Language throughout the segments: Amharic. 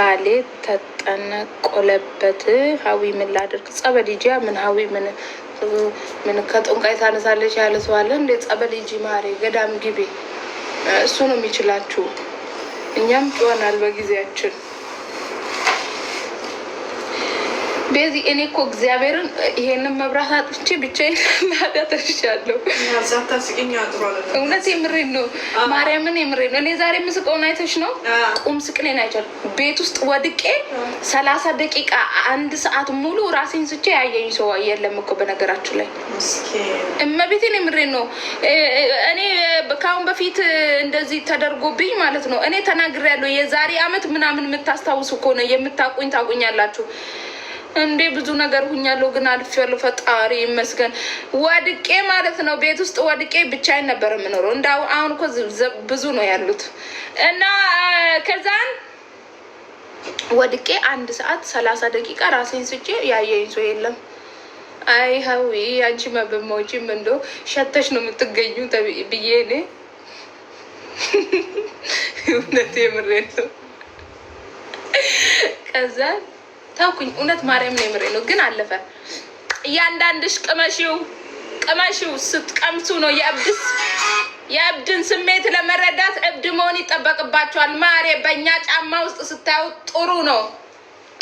ባሌ ተጠነቆለበት ሀዊ ምን ላድርግ? ጸበል ሂጂ። ምን ሀዊ ምን ምን ከጦንቃይ ታነሳለች ያለ ሰው አለ እንዴ? ጸበል ሂጂ ማሬ፣ ገዳም ግቢ። እሱ ነው የሚችላችሁ። እኛም ጮኸናል በጊዜያችን በዚህ እኔ እኮ እግዚአብሔርን ይሄንን መብራት አጥፍቼ ብቻዬን ናዳ ተርሻለሁ። እውነት የምሬ ነው፣ ማርያምን የምሬ ነው። እኔ ዛሬ ምስቀውን አይተሽ ነው ቁም ስቅሌን አይቻል ቤት ውስጥ ወድቄ ሰላሳ ደቂቃ አንድ ሰዓት ሙሉ ራሴን ስቼ ያየኝ ሰው የለም እኮ በነገራችሁ ላይ እመቤቴን የምሬ ነው። እኔ ከአሁን በፊት እንደዚህ ተደርጎብኝ ማለት ነው እኔ ተናግሬያለሁ። የዛሬ አመት ምናምን የምታስታውሱ ከሆነ የምታቁኝ ታቁኛላችሁ። እንዴ ብዙ ነገር ሁኛለሁ፣ ግን አልፌያለሁ። ፈጣሪ ይመስገን። ወድቄ ማለት ነው ቤት ውስጥ ወድቄ ብቻዬን ነበር የምኖረው። እንደ አሁን እኮ ብዙ ነው ያሉት እና ከዛን ወድቄ አንድ ሰዓት ሰላሳ ደቂቃ ራሴን ስቼ ያየኝ ሰው የለም። አይ ሀዊ አንቺ መበማዎችም እንዶ ሸተሽ ነው የምትገኙ ብዬ እኔ እውነት የምሬ ነው ከዛን ተውኩኝ። እውነት ማርያም ነው የምሬ ነው፣ ግን አለፈ። እያንዳንድሽ ቅመሺው ቅመሺው። ስትቀምሱ ነው የእብድስ የእብድን ስሜት ለመረዳት እብድ መሆን ይጠበቅባቸዋል። ማሬ በእኛ ጫማ ውስጥ ስታዩ ጥሩ ነው።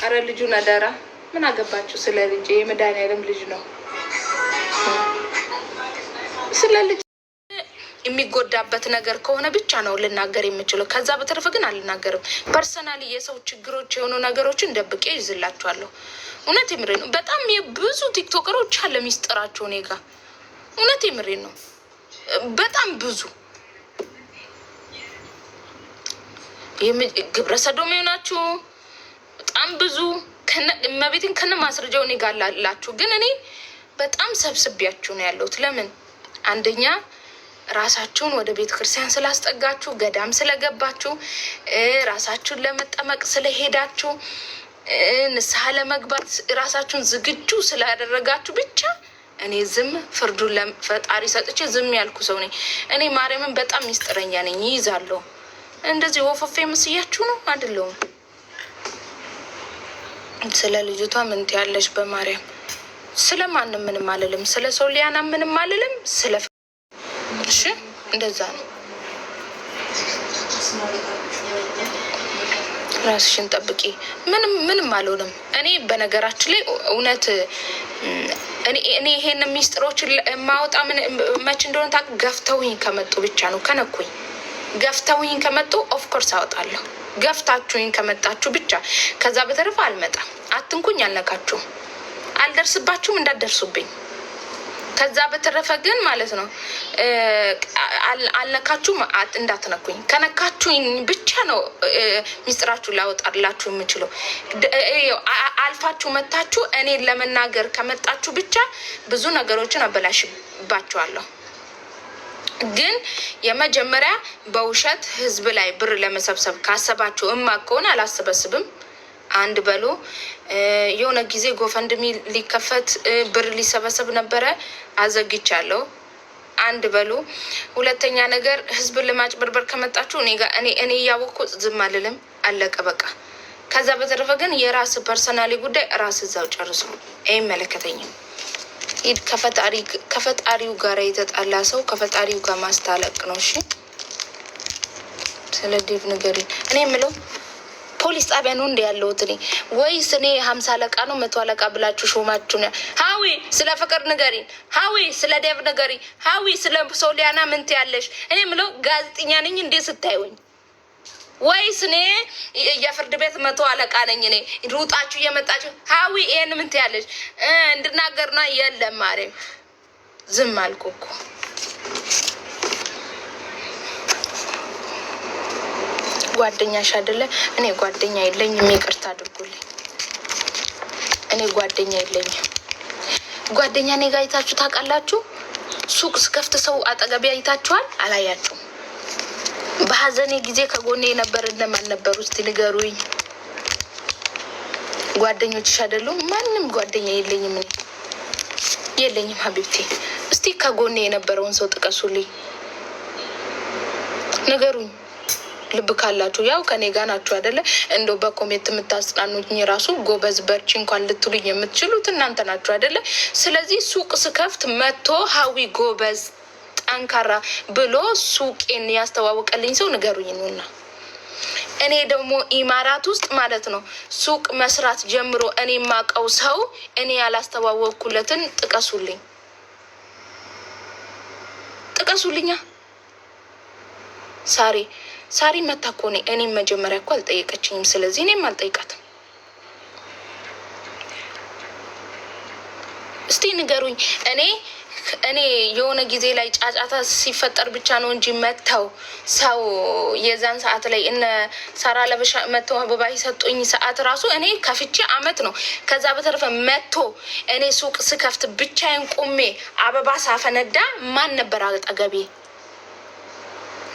አረ ልጁ ነደራ ምን አገባችሁ ስለ ልጅ? የመድኃኒዓለም ልጅ ነው ስለ ልጅ የሚጎዳበት ነገር ከሆነ ብቻ ነው ልናገር የምችለው። ከዛ በተረፈ ግን አልናገርም። ፐርሰናሊ የሰው ችግሮች የሆኑ ነገሮችን ደብቄ ይዝላቸዋለሁ። እውነት የምሬ ነው። በጣም የብዙ ቲክቶከሮች አለ ሚስጥራቸው እኔ ጋ። እውነት የምሬ ነው። በጣም ብዙ ግብረ ሰዶም የሆናችሁ በጣም ብዙ እመቤትን ከነ ማስረጃው እኔ ላላችሁ፣ ግን እኔ በጣም ሰብስቢያችሁ ነው ያለሁት። ለምን አንደኛ ራሳችሁን ወደ ቤተ ክርስቲያን ስላስጠጋችሁ፣ ገዳም ስለገባችሁ፣ ራሳችሁን ለመጠመቅ ስለሄዳችሁ፣ ንስሐ ለመግባት ራሳችሁን ዝግጁ ስላደረጋችሁ ብቻ እኔ ዝም ፍርዱን ለፈጣሪ ሰጥቼ ዝም ያልኩ ሰው ነኝ። እኔ ማርያምን በጣም ሚስጥረኛ ነኝ፣ ይይዛለሁ። እንደዚህ ወፈፌ ምስያችሁ ነው አይደለሁም። ስለ ልጅቷ ምን ትያለሽ? በማርያም ስለ ማንም ምንም አልልም። ስለ ሶሊያና ምንም አልልም። ስለ እሺ እንደዛ ነው። ራስሽን ጠብቂ። ምንም ምንም አልሆንም። እኔ በነገራችን ላይ እውነት እኔ ይሄን ሚስጥሮችን ማወጣ መች እንደሆነ ታ ገፍተውኝ ከመጡ ብቻ ነው ከነኩኝ ገፍተውኝ ከመጡ ኦፍኮርስ አወጣለሁ። ገፍታችሁኝ ከመጣችሁ ብቻ ከዛ በተረፈ አልመጣም። አትንኩኝ፣ አልነካችሁም፣ አልደርስባችሁም እንዳትደርሱብኝ ከዛ በተረፈ ግን ማለት ነው አልነካችሁም፣ እንዳትነኩኝ። ከነካችሁኝ ብቻ ነው ሚስጥራችሁ ላወጣላችሁ የምችለው። አልፋችሁ መታችሁ እኔን ለመናገር ከመጣችሁ ብቻ ብዙ ነገሮችን አበላሽባችኋለሁ። ግን የመጀመሪያ በውሸት ህዝብ ላይ ብር ለመሰብሰብ ካሰባችሁ እማ ከሆነ አላሰበስብም። አንድ በሎ የሆነ ጊዜ ጎፈንድሚ ሊከፈት ብር ሊሰበሰብ ነበረ፣ አዘግቻለሁ። አንድ በሎ ሁለተኛ ነገር ህዝብን ለማጭበርበር ከመጣችሁ እኔ እኔ እያወቅኩ ዝም አልልም። አለቀ በቃ። ከዛ በተረፈ ግን የራስ ፐርሰናሊ ጉዳይ ራስ እዛው ጨርሱ። አይመለከተኝም። ኢድ ከፈጣሪው ጋር የተጣላ ሰው ከፈጣሪው ጋር ማስታለቅ ነው። እሺ ስለ ዴቭ ንገሪኝ። እኔ የምለው ፖሊስ ጣቢያ ነው እንደ ያለሁት እኔ ወይስ እኔ ሀምሳ አለቃ ነው መቶ አለቃ ብላችሁ ሾማችሁ ነ ሀዊ ስለ ፍቅር ንገሪ፣ ሀዊ ስለ ደብ ንገሪ፣ ሀዊ ስለ ሶሊያና ምንት ያለሽ እኔ ምለው ጋዜጠኛ ነኝ እንዴ ስታይወኝ ወይስ እኔ የፍርድ ቤት መቶ አለቃ ነኝ? እኔ ሩጣችሁ እየመጣችሁ ሀዊ ይሄን ምንት ያለሽ እንድናገርና የለም ማሬ ዝም አልኩ እኮ ጓደኛሽ አይደለ? እኔ ጓደኛ የለኝም፣ ይቅርታ አድርጉልኝ። እኔ ጓደኛ የለኝም። ጓደኛ እኔ ጋ አይታችሁ ታውቃላችሁ? ሱቅ ስከፍት ሰው አጠገቢ አይታችኋል? አላያችሁም? በሀዘኔ ጊዜ ከጎኔ የነበረ እነማን ነበሩ? እስቲ ንገሩኝ። ጓደኞችሽ አይደሉም? ማንም ጓደኛ የለኝም፣ እኔ የለኝም። ሀቢብቴ እስቲ ከጎኔ የነበረውን ሰው ጥቀሱልኝ፣ ንገሩኝ። ልብ ካላችሁ ያው ከኔ ጋ ናችሁ አደለ? እንደ በኮሜንት የምታጽናኑኝ ራሱ ጎበዝ በርቺ እንኳን ልትሉኝ የምትችሉት እናንተ ናችሁ አደለ? ስለዚህ ሱቅ ስከፍት መቶ ሀዊ ጎበዝ ጠንካራ ብሎ ሱቄን ያስተዋወቀልኝ ሰው ንገሩኝ ነውና እኔ ደግሞ ኢማራት ውስጥ ማለት ነው ሱቅ መስራት ጀምሮ እኔ የማውቀው ሰው እኔ ያላስተዋወቅኩለትን ጥቀሱልኝ፣ ጥቀሱልኛ ሳሪ ሳሪ መታ እኮ እኔ እኔም መጀመሪያ እኮ አልጠየቀችኝም። ስለዚህ እኔም አልጠይቃትም። እስቲ ንገሩኝ። እኔ እኔ የሆነ ጊዜ ላይ ጫጫታ ሲፈጠር ብቻ ነው እንጂ መተው ሰው የዛን ሰዓት ላይ እነ ሳራ ለበሻ መጥተው አበባ ሰጡኝ ሰዓት ራሱ እኔ ከፍቼ አመት ነው። ከዛ በተረፈ መቶ እኔ ሱቅ ስከፍት ብቻዬን ቁሜ አበባ ሳፈነዳ ማን ነበር አጠገቤ?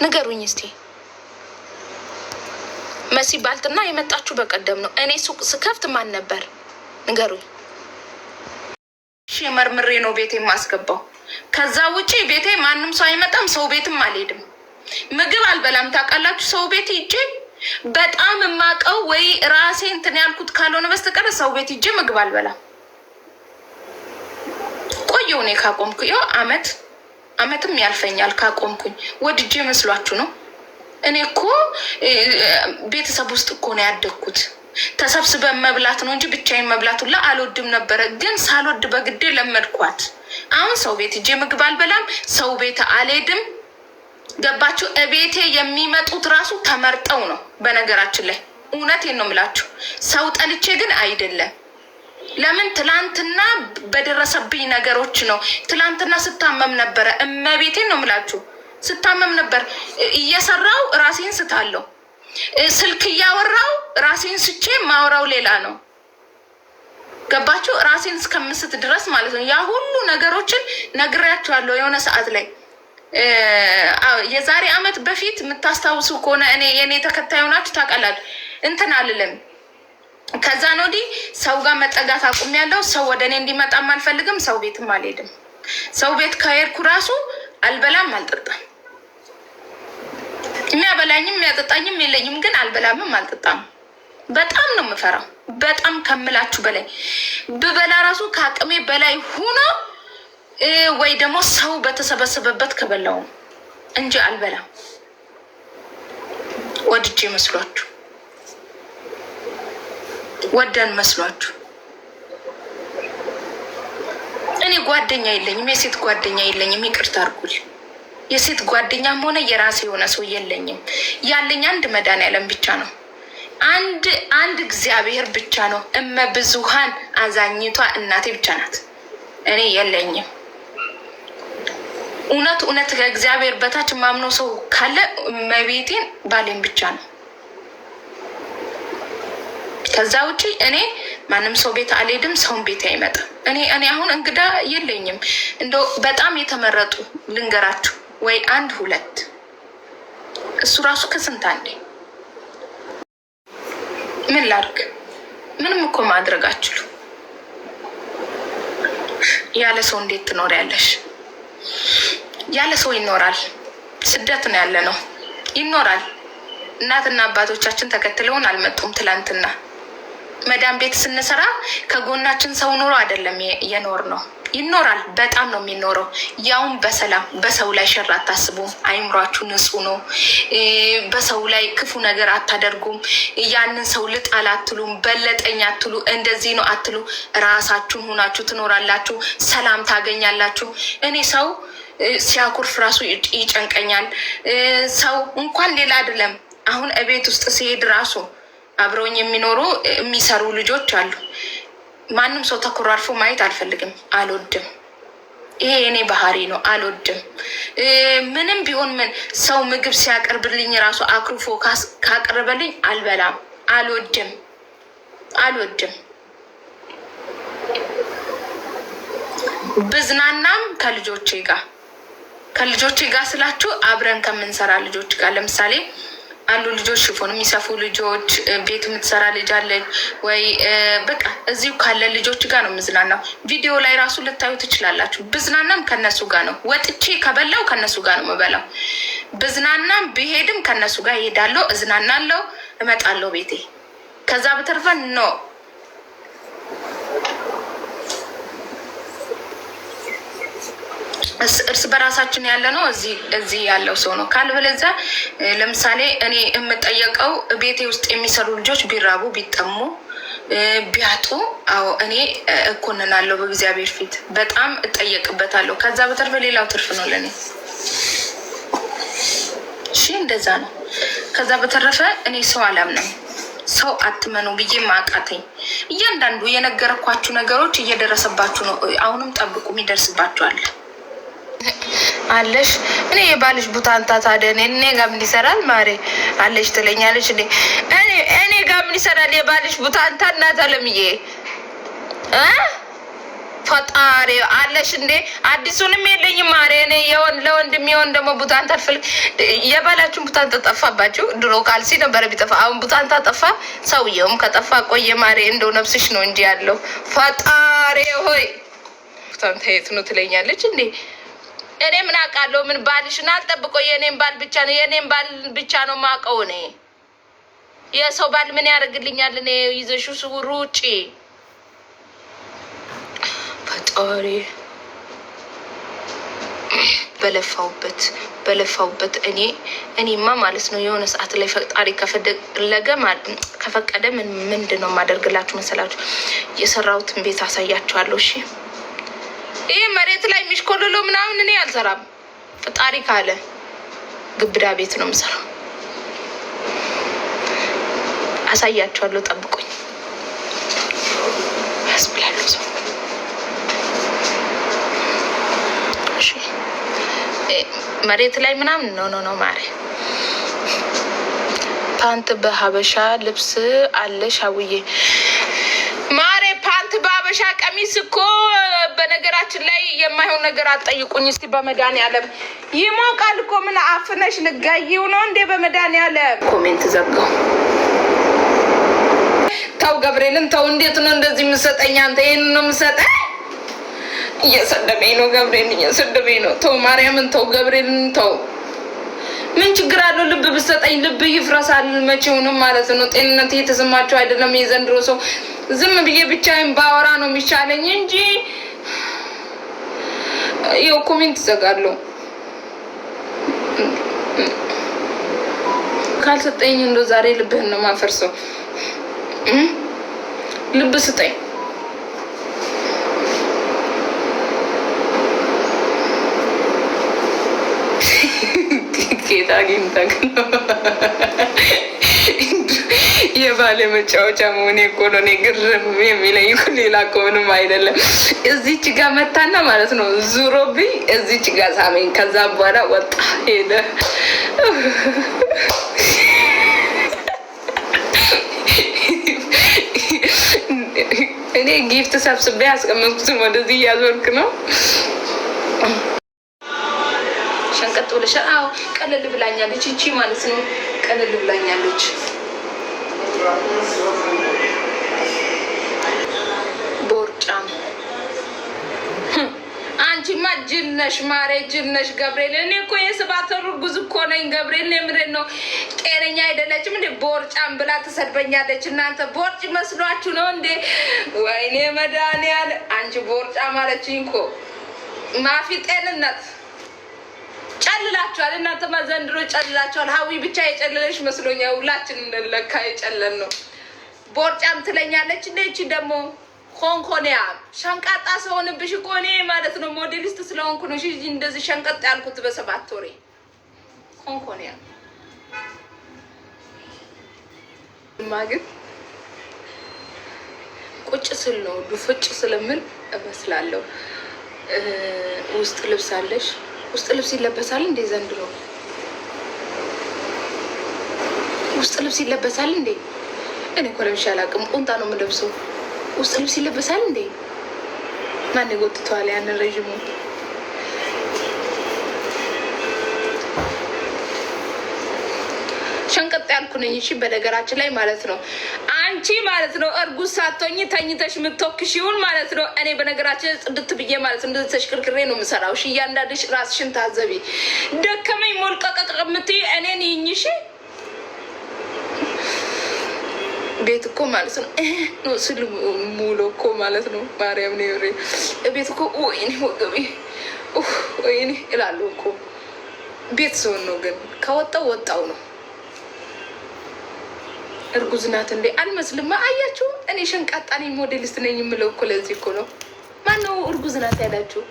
ንገሩኝ እስቲ። መሲ ባልትና የመጣችሁ በቀደም ነው። እኔ ሱቅ ስከፍት ማን ነበር ንገሩኝ። መርምሬ ነው ቤቴ የማስገባው። ከዛ ውጪ ቤቴ ማንም ሰው አይመጣም። ሰው ቤትም አልሄድም። ምግብ አልበላም። ታውቃላችሁ፣ ሰው ቤት ሂጄ በጣም የማውቀው ወይ ራሴ እንትን ያልኩት ካልሆነ በስተቀር ሰው ቤት ሂጄ ምግብ አልበላም። ቆየው እኔ ካቆምኩ ይኸው አመት አመትም ያልፈኛል ካቆምኩኝ። ወድጄ መስሏችሁ ነው እኔ እኮ ቤተሰብ ውስጥ እኮ ነው ያደግኩት። ተሰብስበን መብላት ነው እንጂ ብቻዬን መብላት ሁላ አልወድም ነበረ። ግን ሳልወድ በግዴ ለመድኳት። አሁን ሰው ቤት እጄ ምግብ አልበላም፣ ሰው ቤት አልሄድም። ገባችሁ? እቤቴ የሚመጡት ራሱ ተመርጠው ነው። በነገራችን ላይ እውነቴን ነው የምላችሁ፣ ሰው ጠልቼ ግን አይደለም። ለምን ትላንትና በደረሰብኝ ነገሮች ነው። ትላንትና ስታመም ነበረ። እመቤቴን ነው የምላችሁ ስታመም ነበር እየሰራው ራሴን ስታለው፣ ስልክ እያወራው ራሴን ስቼ ማውራው ሌላ ነው። ገባችሁ? ራሴን እስከምስት ድረስ ማለት ነው። ያ ሁሉ ነገሮችን ነግሬያቸዋለሁ የሆነ ሰዓት ላይ የዛሬ አመት በፊት የምታስታውሱ ከሆነ እኔ የእኔ ተከታዩ ናችሁ ታውቃላችሁ። እንትን አልልም። ከዛን ወዲህ ሰው ጋር መጠጋት ያለው ሰው ወደ እኔ እንዲመጣም አልፈልግም። ሰው ቤትም አልሄድም። ሰው ቤት ከሄድኩ ራሱ አልበላም፣ አልጠጣም። የሚያበላኝም የሚያጠጣኝም የለኝም፣ ግን አልበላምም አልጠጣም። በጣም ነው የምፈራው፣ በጣም ከምላችሁ በላይ ብበላ ራሱ ከአቅሜ በላይ ሆኖ ወይ ደግሞ ሰው በተሰበሰበበት ከበላውም እንጂ አልበላም። ወድጄ መስሏችሁ ወደን መስሏችሁ። እኔ ጓደኛ የለኝም፣ የሴት ጓደኛ የለኝም። ይቅርታ አድርጉልኝ። የሴት ጓደኛም ሆነ የራሴ የሆነ ሰው የለኝም። ያለኝ አንድ መድኃኒዓለም ብቻ ነው። አንድ አንድ እግዚአብሔር ብቻ ነው። እመ ብዙሃን አዛኝቷ እናቴ ብቻ ናት። እኔ የለኝም። እውነት እውነት ከእግዚአብሔር በታች ማምኖ ሰው ካለ መቤቴን ባሌን ብቻ ነው። ከዛ ውጪ እኔ ማንም ሰው ቤት አልሄድም፣ ሰውን ቤት አይመጣም። እኔ እኔ አሁን እንግዳ የለኝም። እንደው በጣም የተመረጡ ልንገራችሁ ወይ አንድ ሁለት እሱ ራሱ ከስንት አንዴ። ምን ላድርግ? ምንም እኮ ማድረግ አችሉ። ያለ ሰው እንዴት ትኖሪያለሽ? ያለ ሰው ይኖራል። ስደት ነው ያለ ነው ይኖራል። እናትና አባቶቻችን ተከትለውን አልመጡም። ትላንትና መዳም ቤት ስንሰራ ከጎናችን ሰው ኑሮ አይደለም የኖር ነው ይኖራል። በጣም ነው የሚኖረው። ያውም በሰላም በሰው ላይ ሸር አታስቡም። አይምሯችሁ ንጹህ ነው። በሰው ላይ ክፉ ነገር አታደርጉም። ያንን ሰው ልጣል አትሉም። በለጠኝ አትሉ። እንደዚህ ነው አትሉ። ራሳችሁን ሆናችሁ ትኖራላችሁ። ሰላም ታገኛላችሁ። እኔ ሰው ሲያኩርፍ ራሱ ይጨንቀኛል። ሰው እንኳን ሌላ አይደለም። አሁን እቤት ውስጥ ሲሄድ ራሱ አብረውኝ የሚኖሩ የሚሰሩ ልጆች አሉ ማንም ሰው ተኮራርፎ ማየት አልፈልግም፣ አልወድም። ይሄ እኔ ባህሪ ነው፣ አልወድም። ምንም ቢሆን ምን ሰው ምግብ ሲያቀርብልኝ ራሱ አክርፎ ካቀረበልኝ አልበላም፣ አልወድም፣ አልወድም። ብዝናናም ከልጆቼ ጋር ከልጆቼ ጋር ስላችሁ አብረን ከምንሰራ ልጆች ጋር ለምሳሌ አሉ ልጆች ሽፎን የሚሰፉ ልጆች፣ ቤት የምትሰራ ልጅ አለች ወይ በቃ እዚሁ ካለ ልጆች ጋር ነው የምዝናናው። ቪዲዮ ላይ ራሱ ልታዩ ትችላላችሁ። ብዝናናም ከነሱ ጋር ነው። ወጥቼ ከበላው ከነሱ ጋር ነው የምበላው። ብዝናናም ብሄድም ከነሱ ጋር ይሄዳለው፣ እዝናናለው፣ እመጣለው ቤቴ። ከዛ በተረፈ ኖ እርስ በራሳችን ያለ ነው። እዚህ ያለው ሰው ነው። ካልበለዚያ ለምሳሌ እኔ የምጠየቀው ቤቴ ውስጥ የሚሰሩ ልጆች ቢራቡ ቢጠሙ ቢያጡ አዎ እኔ እኮንናለሁ። በእግዚአብሔር ፊት በጣም እጠየቅበታለሁ። ከዛ በተርፈ ሌላው ትርፍ ነው ለእኔ። ሺ እንደዛ ነው። ከዛ በተረፈ እኔ ሰው አላምነም። ሰው አትመኑ ብዬ ማቃተኝ። እያንዳንዱ የነገረኳችሁ ነገሮች እየደረሰባችሁ ነው። አሁንም ጠብቁም ይደርስባችኋል። አለሽ እኔ የባልሽ ቡታንታ ታዲያ እኔ ጋ ምን ይሰራል? ማሬ አለሽ ትለኛለች። እኔ እኔ ጋ ምን ይሰራል የባልሽ ቡታንታ? እናት አለምዬ ፈጣሪ አለሽ እንዴ? አዲሱንም የለኝም ማሬ። እኔ ለወንድም የሆን ደግሞ ቡታንታ ፍል የባላችሁን ቡታንታ ጠፋባችሁ። ድሮ ካልሲ ነበረ ቢጠፋ፣ አሁን ቡታንታ ጠፋ። ሰውየውም ከጠፋ ቆየ ማሬ። እንደው ነፍስሽ ነው እንጂ ያለው ፈጣሪ ሆይ ቡታንታ የት ነው ትለኛለች እንዴ እኔ ምን አውቃለሁ? ምን ባልሽ ባልሽን አልጠብቆ የእኔን ባል ብቻ ነው የእኔን ባል ብቻ ነው ማውቀው። እኔ የሰው ባል ምን ያደርግልኛል? እኔ ይዘሹ ስውሩ ውጪ ፈጣሪ በለፋውበት በለፋውበት እኔ እኔማ ማለት ነው የሆነ ሰዓት ላይ ፈጣሪ ከፈለገ ከፈቀደ ምን ምንድን ነው የማደርግላችሁ መሰላችሁ? የሰራሁትን ቤት አሳያችኋለሁ። እሺ ይሄ መሬት ላይ የሚሽኮልሎ ምናምን እኔ አልሰራም። ፈጣሪ ካለ ግብዳ ቤት ነው የምሰራው። አሳያቸዋለሁ። ጠብቆኝ ያስብላሉ ሰው መሬት ላይ ምናምን ነው ነው ነው ማሪ ፓንት በሀበሻ ልብስ አለ ሻውዬ ማሬ ፓንት በሀበሻ ቀሚስ እኮ በነገራችን ላይ የማይሆን ነገር አትጠይቁኝ። እስቲ በመድኃኒዓለም ይሞቃል እኮ ምን አፍነሽ ንጋይው ነው እንዴ? በመድኃኒዓለም ኮሜንት ዘጋው። ተው ገብርኤልን ተው። እንዴት ነው እንደዚህ የምሰጠኝ? አንተ ይህን ነው የምሰጠኝ? እየሰደበኝ ነው ገብርኤል፣ እየሰደበኝ ነው። ተው ማርያምን ተው፣ ገብርኤልን ተው። ምን ችግር አለው? ልብ ብሰጠኝ፣ ልብ ይፍረሳል መቼውንም ማለት ነው። ጤንነት እየተሰማቸው አይደለም የዘንድሮ ሰው። ዝም ብዬ ብቻዬን ባወራ ነው የሚሻለኝ እንጂ ይኸው ኮሜንት እዘጋለሁ። ካልሰጠኝ እንደው ዛሬ ልብህን ነው ማፈርሰው። ልብ ስጠኝ። ጌታ ግን የባለ መጫወቻ መሆኔ እኮ ነው። እኔ ግርም የሚለኝ ሌላ ከሆንም አይደለም። እዚች ጋ መታና ማለት ነው ዙሮብኝ እዚች ጋ ሳሜኝ ከዛ በኋላ ወጣ ሄደ። እኔ ጊፍት ሰብስቤ ያስቀመጥኩትም ወደዚህ እያዞርክ ነው። ሸንቀጥ ብለሻል። አዎ ቀለል ብላኛለች። እቺ ማለት ነው ቀለል ብላኛለች። ቦርጫም አንቺማ ጅነሽ ማሬ፣ ጅነሽ ነሽ ገብርኤል። እኔ እኮ የሰባት ወር እርጉዝ እኮ ነኝ ገብርኤል። የምሬን ነው። ጤነኛ አይደለችም እንዴ? ቦርጫም ብላ ትሰድበኛለች። እናንተ ቦርጭ መስሏችሁ ነው እንዴ? ወይኔ መድኃኒዓለም አንቺ ቦርጫ ማለችኝ እኮ ማፊ ጤንነት ጨልላችኋል። እናንተማ ዘንድሮ ጨልላችኋል። ሀዊ ብቻ የጨለለች መስሎኛ፣ ሁላችንም ለካ የጨለን ነው። ቦርጫም ትለኛለች። እንደቺ ደግሞ ኮንኮንያ ሸንቃጣ ሰሆንብሽ እኮ እኔ ማለት ነው ሞዴሊስት ስለሆንኩ ነው እንደዚህ ሸንቀጥ ያልኩት በሰባት ወሬ ማ ግን ቁጭ ስል ነው ዱፍጭ ስለምን እመስላለሁ። ውስጥ አለሽ ውስጥ ልብስ ይለበሳል እንዴ? ዘንድሮ ውስጥ ልብስ ይለበሳል እንዴ? እኔ እኮ ለብሼ አላውቅም። ቁንጣ ነው የምለብሰው። ውስጥ ልብስ ይለበሳል እንዴ? ማን ጎትተዋል ያንን ረዥሙ? ሸንቀጥ ያልኩ ነኝ። እሺ፣ በነገራችን ላይ ማለት ነው አንቺ ማለት ነው እርጉዝ ሳቶኝ ተኝተሽ የምትወክሺውን ማለት ነው። እኔ በነገራችን ጽድት ብዬ ማለት ነው ተሽክርክሬ ነው የምሰራው። እሺ እያንዳንድሽ ራስሽን ታዘቢ። ደከመኝ ሞልቀቀቅ የምትይ እኔን ይኝሽ ቤት እኮ ማለት ነው ነው ስል ሙሎ እኮ ማለት ነው ማርያም ነው ቤት እኮ ወይኔ ወገቤ ወይኔ እላለሁ እኮ ቤት ስሆን ነው። ግን ከወጣው ወጣው ነው እርጉዝ ናት እንዴ? አልመስልም። አያችሁ፣ እኔ ሸንቃጣ ነኝ፣ ሞዴሊስት ነኝ የምለው እኮ ለዚህ እኮ ነው። ማነው እርጉዝ ናት ያላችሁ?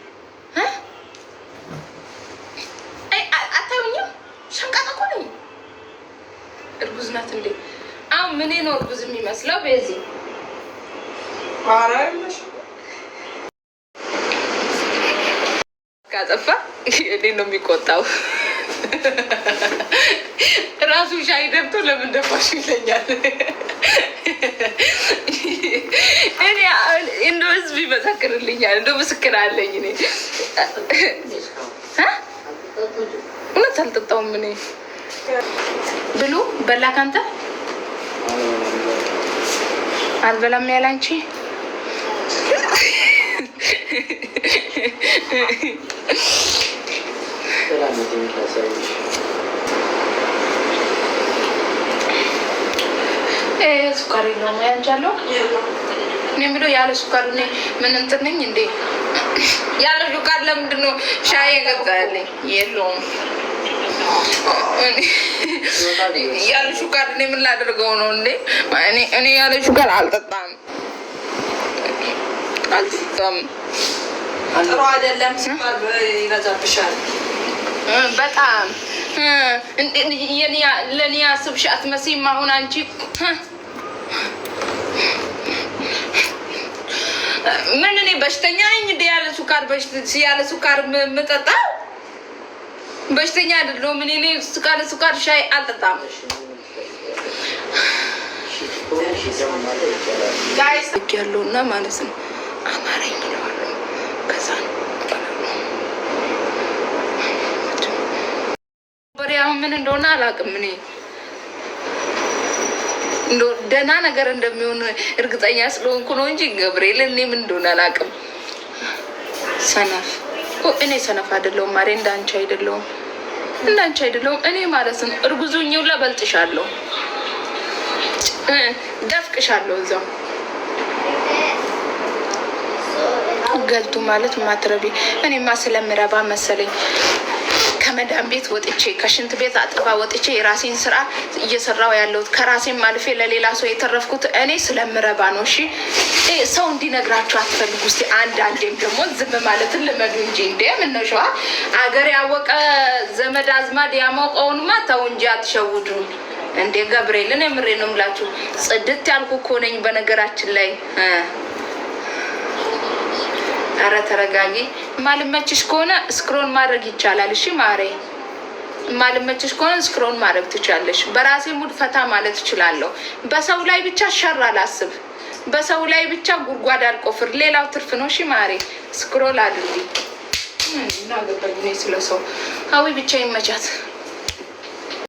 አታዩኝም? ሸንቃጣ እኮ ነኝ። እርጉዝ ናት እንዴ? አሁን ምኔ ነው እርጉዝ የሚመስለው? በዚህ ካጠፋ እኔ ነው የሚቆጣው። ራሱ ሻይ ደብቶ ለምን ደፋሽ ይለኛል። እኔ እንደ ህዝብ ይመሰክርልኛል። እንደ ምስክር አለኝ። እኔ እውነት አልጠጣውም። እኔ ብሉ በላ ካንተ አልበላም ያለ አንቺ ገላን የሚላሳይሽ ሱካሪ ነው ማያንቻለው እኔ ብሎ ያለ ሱካር እኔ ምን እንትን ነኝ እንዴ? ያለ ሱካር ለምንድን ነው ሻይ የገዛልኝ? የለውም ያለ ሱካር እኔ ምን ላደርገው ነው እንዴ? እኔ ያለ ሱካር አልጠጣም አልጠጣም። ጥሩ አይደለም፣ ሱካር ይበዛብሻል። በጣም ለእኔ ያስብሽ አትመሲም። አሁን አንቺ ምን እኔ በሽተኛ ነኝ እንደ ያለ ሱካር ያለ ሱካር የምጠጣው በሽተኛ አይደለሁም። እኔ እኔ ሱካር ሱካር ሻይ አልጠጣም። ጋይስ ያለውና ማለት ነው አማረኝ ይለዋለሁ ከዛ ነው አሁን ምን እንደሆነ አላውቅም። እኔ ደህና ነገር እንደሚሆን እርግጠኛ ስለሆንኩ ነው እንጂ ገብርኤል፣ እኔ ምን እንደሆነ አላውቅም። ሰነፍ እኔ ሰነፍ አይደለሁም ማሬ፣ እንዳንቺ አይደለሁም፣ እንዳንቺ አይደለሁም። እኔ ማለት ነው እርጉዙኝ ሁላ በልጥሻለሁ፣ ደፍቅሻለሁ እዛው ገልቱ ማለት ማትረቢ እኔማ ስለምረባ መሰለኝ። ከመዳን ቤት ወጥቼ ከሽንት ቤት አጥባ ወጥቼ የራሴን ስራ እየሰራው ያለሁት ከራሴን አልፌ ለሌላ ሰው የተረፍኩት እኔ ስለምረባ ነው። እሺ ሰው እንዲነግራችሁ አትፈልጉ። እስኪ አንድ አንዴም ደግሞ ዝም ማለትን ልመዱ እንጂ እንደ ምነሸዋ አገር ያወቀ ዘመድ አዝማድ ያሞቀውንማ ተው እንጂ አትሸውዱ። እንዴ ገብርኤልን የምሬ ነው ምላችሁ። ጽድት ያልኩ እኮ ነኝ በነገራችን ላይ። ኧረ ተረጋጊ። ማልመችሽ ከሆነ ስክሮን ማድረግ ይቻላል። እሺ ማሬ፣ ማልመችሽ ከሆነ ስክሮን ማድረግ ትቻለሽ። በራሴ ሙድ ፈታ ማለት እችላለሁ። በሰው ላይ ብቻ ሸር አላስብ። በሰው ላይ ብቻ ጉድጓድ አልቆፍር። ሌላው ትርፍ ነው። እሺ ማሬ፣ ስክሮል አድርጊ። እናገበኝ ስለሰው አዊ ብቻ ይመቻት።